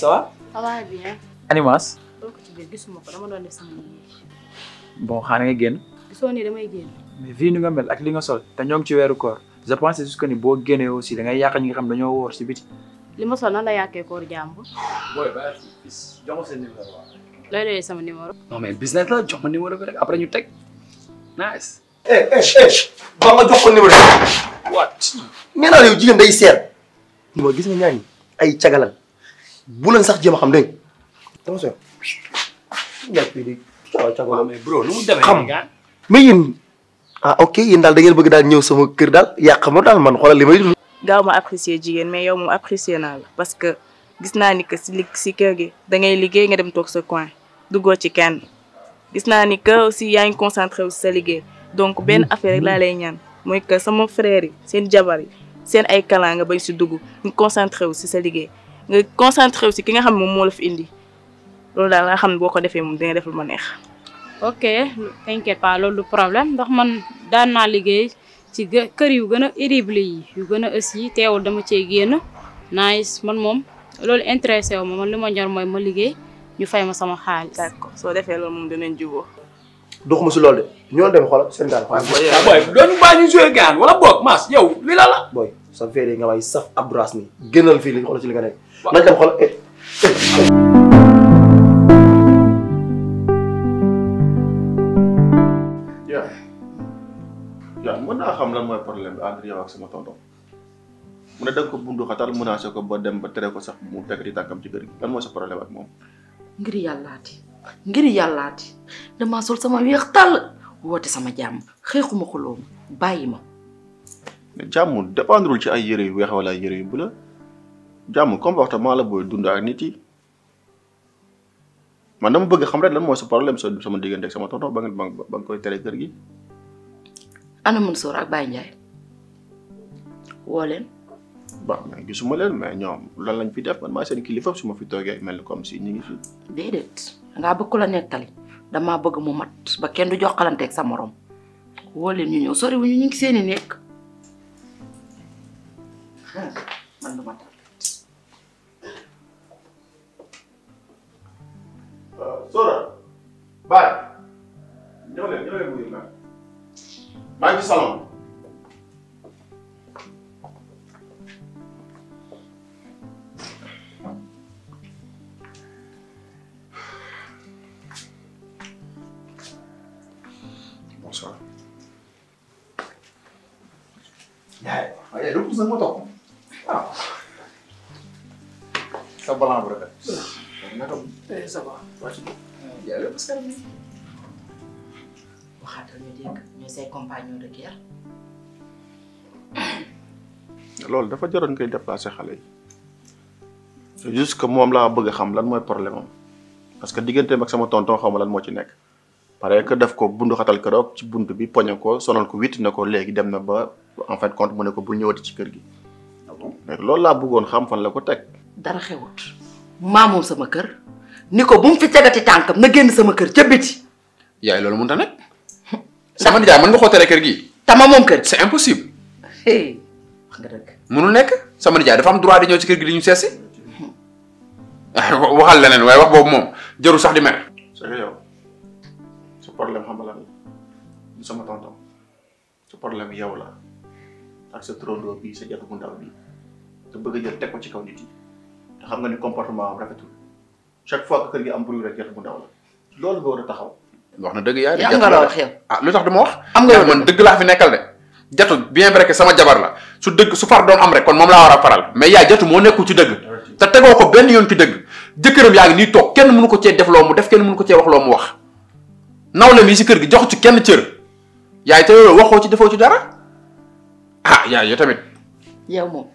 só? Alabi, né? Animas? Loolu ko ci biir gisuma ko dama doon def sama liggéey. Bon xaar nga génn. Gisoo nii damay génn. Mais fii ni nga mel ak li nga sol te ñoo ngi ci weeru koor je pense juste que ni boo génnee aussi da ngay yàq ñi nga xam dañoo wóor si biti. Li ma sol nan la yàqee ya, koor jàmbur. Booy bàyyi bis jox ma seen numéro Looy doyee sama numéro. Non mais business la jox ma numéro bi rek après ñu teg. Nice. Eh eh eh ba ma jox ko numéro What? Nee naa yow jigéen day seet. Ni ma gis nga ñaan ay cagalan bu leen sax jéem a xam dégg nga. xam mais yéen ah ok yéen daal da bëgg daal ñëw sama kër daal yàq ma daal man xoolal li may dund. gaaw ma apprécier jigéen mais yow moom apprécier naa la parce que gis naa ni que si li si kër gi da ngay liggéey nga dem toog sa coin duggoo ci kenn gis naa ni que aussi yaa ngi concentré wu sa liggéey donc benn affaire rek laa lay ñaan mooy que sama frère yi seen jabar yi seen ay kalaan nga bañ si dugg ñu concentré wu si sa liggéey. nga concentré aussi si ki nga xam ne moom la fi indi loolu daal nga xam ne boo ko defee moom dina def lu ma neex. ok t'inquiète pas loolu problème ndax man da na liggéey ci kër yu gëna a yi yu gëna aussi téwul dama cee génn nice man mom loolu intéressé wu man luma ñor moy ma liggéey ñu fay ma sama xaalis. d'accord so defee loolu mom dinañ jubóo. doxuma si loolu de ñoo dem xoolal seen gaal. waaw ah, booy booy doo ñu bàyyi ñu joué gaan wala bok mas yow lila la boy sa veeree nga way saf abras ni gënal fi li xool ci li nga nek nañ dem xol et. Eh, eh. yaa yaa mën naa xam lan mooy problème bi ak sama tonton mu ne da ko bundu xatal menacé ko ba dem ba téré ko sax mu tek di tànkam ci gëri lan mooy sa problème ak mom ngir yàllaati ngir yàllaati dama sol sama wéx tal woote sama jamm xéxuma ko lom bayima jàmm dépendrul ci ay yére yu weex wala yére yu bula jàmm comportement la booy dund ak nit yi man dama bëgg xam rek lan mooy sa problème sa sama diggante ak sama tonto ba nga ba nga koy tere kër gi ana mun soor ak Baye Ndiaye woo leen baax mais gisuma leen mais ñoom lan lañ fi def man maa seen kilifa suma ma fi toogee mel comme si ñu ngi fi déedéet nga bëgg la nettali dama bëgg mu mat ba kenn du jox ak sa morom woo ñu ñëw sori wu ñu ñu ngi seeni nekk bonsoir. Yaay waaye yaay doo puus nag ma toog waaw. sa balan eh ça va. yaay lépp parce que. waxaatal ñu dégg ñu say compagnon de guerre. loolu dafa jaroon ngay On xale yi. c'est juste que moom laa bëgg a xam lan On problème am parce que digganteem ak sama tonton xaw ma lan moo ci nekk parce que daf ko bundu xatal keroog ci buntu bi poñe ko sonal ko witt na ko léegi dem na ba en fait compte mu ne ko ñëwati ci kër gi rek ah loolu laa bëggoon xam fan la ko teg dara xewut maamoom sama kër ni bu mu fi tegati tànkam na génn sama kër ca biti yaay tamam mënta nag sama nijaay mën nga xootale kër gi kër c'est impossible nga sama nijaay dafa am droit di ñëw ci kër gi di ñu seesi hmm. waxal leneen waaye wax boobu moom jëru sax di mer yow problem xam la du sama tonton sa problème ya la ak sa trondoo bi sa ya, jatu bu ndaw bi te bëgg a jël teg ko ci kaw nit yi te xam nga ni comportement am rafetul chaque fois que kër gi am bruit rek jatu bu ndaw la loolu nga taxaw wax na dëgg de jatu la ah lu tax dama wax am nga man deug la fi nekkal de jatu bien vrai que sama jabar la su deug su far doon am rek kon mom la wara faral mais yaay jatu mo nekkul ci deug te tego ko ben yoon ci deug jeukeram yaa ngi nii toog kenn munu ko ci def lo mu def kenn munu ko ci wax lo mu wax nawle mi si kër gi jox ci kenn cër yaay te loolu waxoo ci defoo ci dara ah yaay yow tamit. yow moom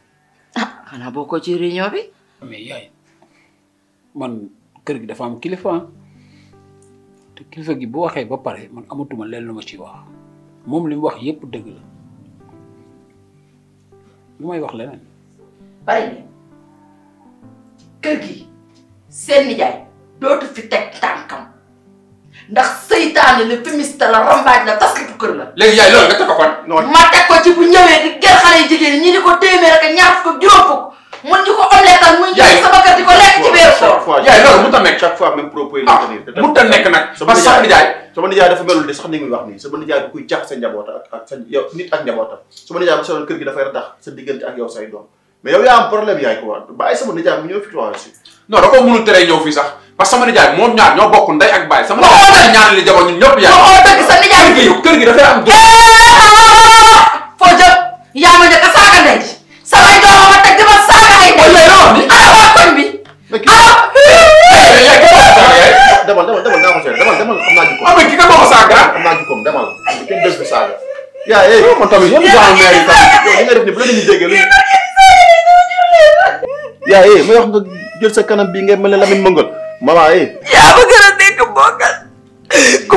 ah xanaa boo ko ci réunion bi. mais yaay man kër gi dafa am kilifa te kilifa gi bu waxee ba pare man amatuma leen lu ma ci wax moom li wax yépp dëgg la lu may wax leneen. bàyyi kër gi seen nijaay dootu fi teg tànkam. ndax seytaane la féministe la rambaaj la taskatu kër la. léegi yaay loolu nga teg ko kon. noonu ma teg ko ci ñëwee di ger xale yu jigéen ñi di ko téeméer ak ñaar fukk juróom fukk mën ñu ko omletal muy jël ah, sama kër di yaay sama nijaay dafa melul de bu kuy jax sa njaboot ak sa yow nit ak njabootam sama nijaay bu soxla kër gi dafay ratax sa diggante ak yow say doom mais yow yaa am problème yaay ko bàyyi sama nijaay mu ñëw fi tuwaale si non da ko mënul ñëw fii sax parce ya sama nijaay moom ñaar ñoo bokk ndey ak baay sama nijaay ya li jabar ñun ya yaay waxoo dëgg sa nijaay gi kër gi dafay am foo ya ya ma njëkk ya saaga sa way dooma ma teg ya saaga ay ndey ya ya ya ya ya ya ya ya ya ya ni eh मलाई यहाँ गएर दिएको बगल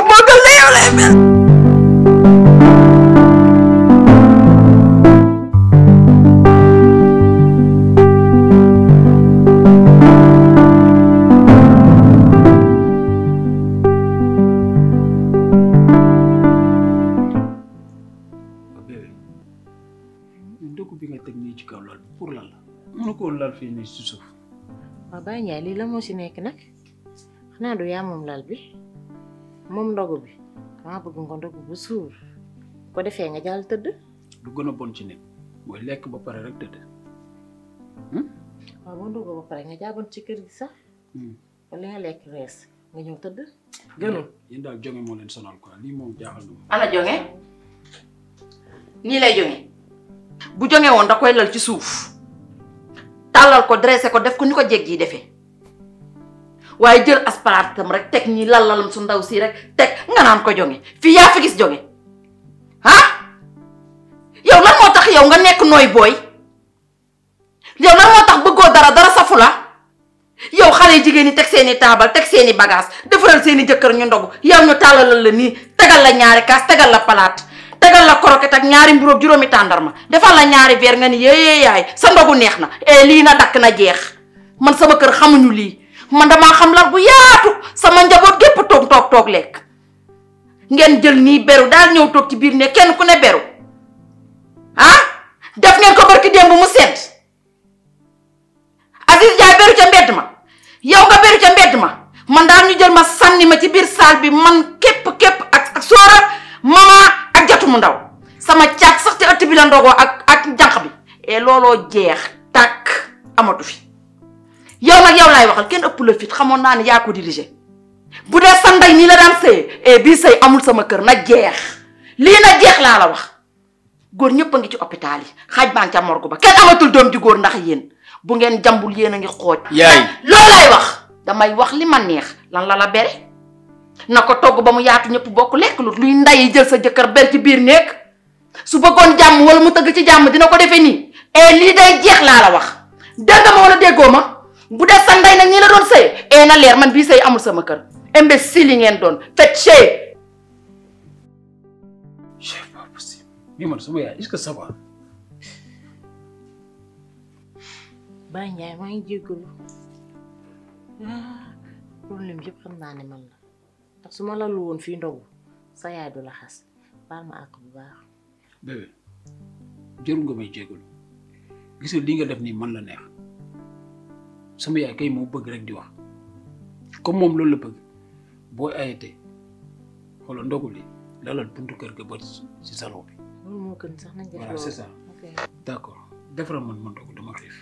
बगल नै होला Mbaye li la mo ci nekk nak xana du yaa mom lal bi mom ndogu bi ma bëgg nga ndogu bu suur ko defé nga jàll teud du gëna bon ci nit moy lek ba paré rek hmm waaw boo ndogu ba paré nga jaaboon ci kër gi sax. wala nga lek rees nga ñëw teud gënul yéen dal jonge mo leen sonal quoi li mom jaaxal du ala ana ni lay jonge bu jonge won da koy lal ci suuf. Talal ko dressé ko def ko ñuko ko défé waye jël asparatam rek tek ñi lallalam su ndaw si rek tek nga nan ko jonge fi ya fi gis jonge ha? yow lan moo tax yow nga nek noy boy yow lan moo tax dara dara safu la yow xalé jigéen ñi teg seeni table tek seeni bagage defal seeni jëkkër ñu ndogu yow ñu talal la ni tegal la ñaari kaas tegal la tegal la croquette ak ñaari mburóob juróomi tandarma defal la ñaari ver nga ni ye yaay sa ndogu neexna e li na dak na jeex man sama kër xamuñu li man dama xam la bu yaatu sama njabot gep tok tok tok lek ngeen jël ni beru dal ñew tok ci biir ne kenn ku ne beru ah def ngeen ko barki dembu mu set Aziz Ndiaye beru ci mbedd ma yow nga beru ci mbedd ma man dal ñu jël ma sanni ma ci biir saal bi man kep kep ak ak soora mama mu ndaw sama caat sax ci ëtt bi la ndogoo ak ak jànq bi et looloo jeex tàkk amatu fi yow nag yow laay waxal kenn ëpp la fit xamoon naa ne yaa ko dirigé bu dee sa ndey nii la daan sëye bi e bii sëy amul sama kër na jeex lii na jeex laa la wax góor ñëpp a ngi ci hôpital yi xaaj baa ngi ca morgue ba kenn amatul doom ji góor ndax yéen bu ngeen jàmbul yéen a ngi xooj. yaay loolu wax damay wax li ma neex lan la la bere. nako togg ba mu yaatu ñepp bokku lek lu luy nday jël sa jëkkër ber ci biir nek su bëggoon jamm wala mu tëgg ci jamm dina ko defé ni et li day jeex la la wax dégg ma wala déggoo ma bu dé sa nday nak ñi la doon sey et na leer man bi sey amul sama kër si li ngeen doon fet ché chef pas possible bi man sama yaay est-ce que ça va Baye Ndiaye maa ngi jéggalu ah, problème yëpp xam naa ne man la ndax suma la lu won fi ndogu sa yaay du la xass baal ma ak bu baax. bébé jëru nga may jégalu gisul li nga def ni man la neex sama yaay kay mo bëgg rek di wax comme mom loolu la bëgg boo ayatee xoolal ndogu li la buntu kër ga ba ci salon bi. loolu mo gën sax nañ def loolu c'est ça. d'accord defra man man ndogu dama xef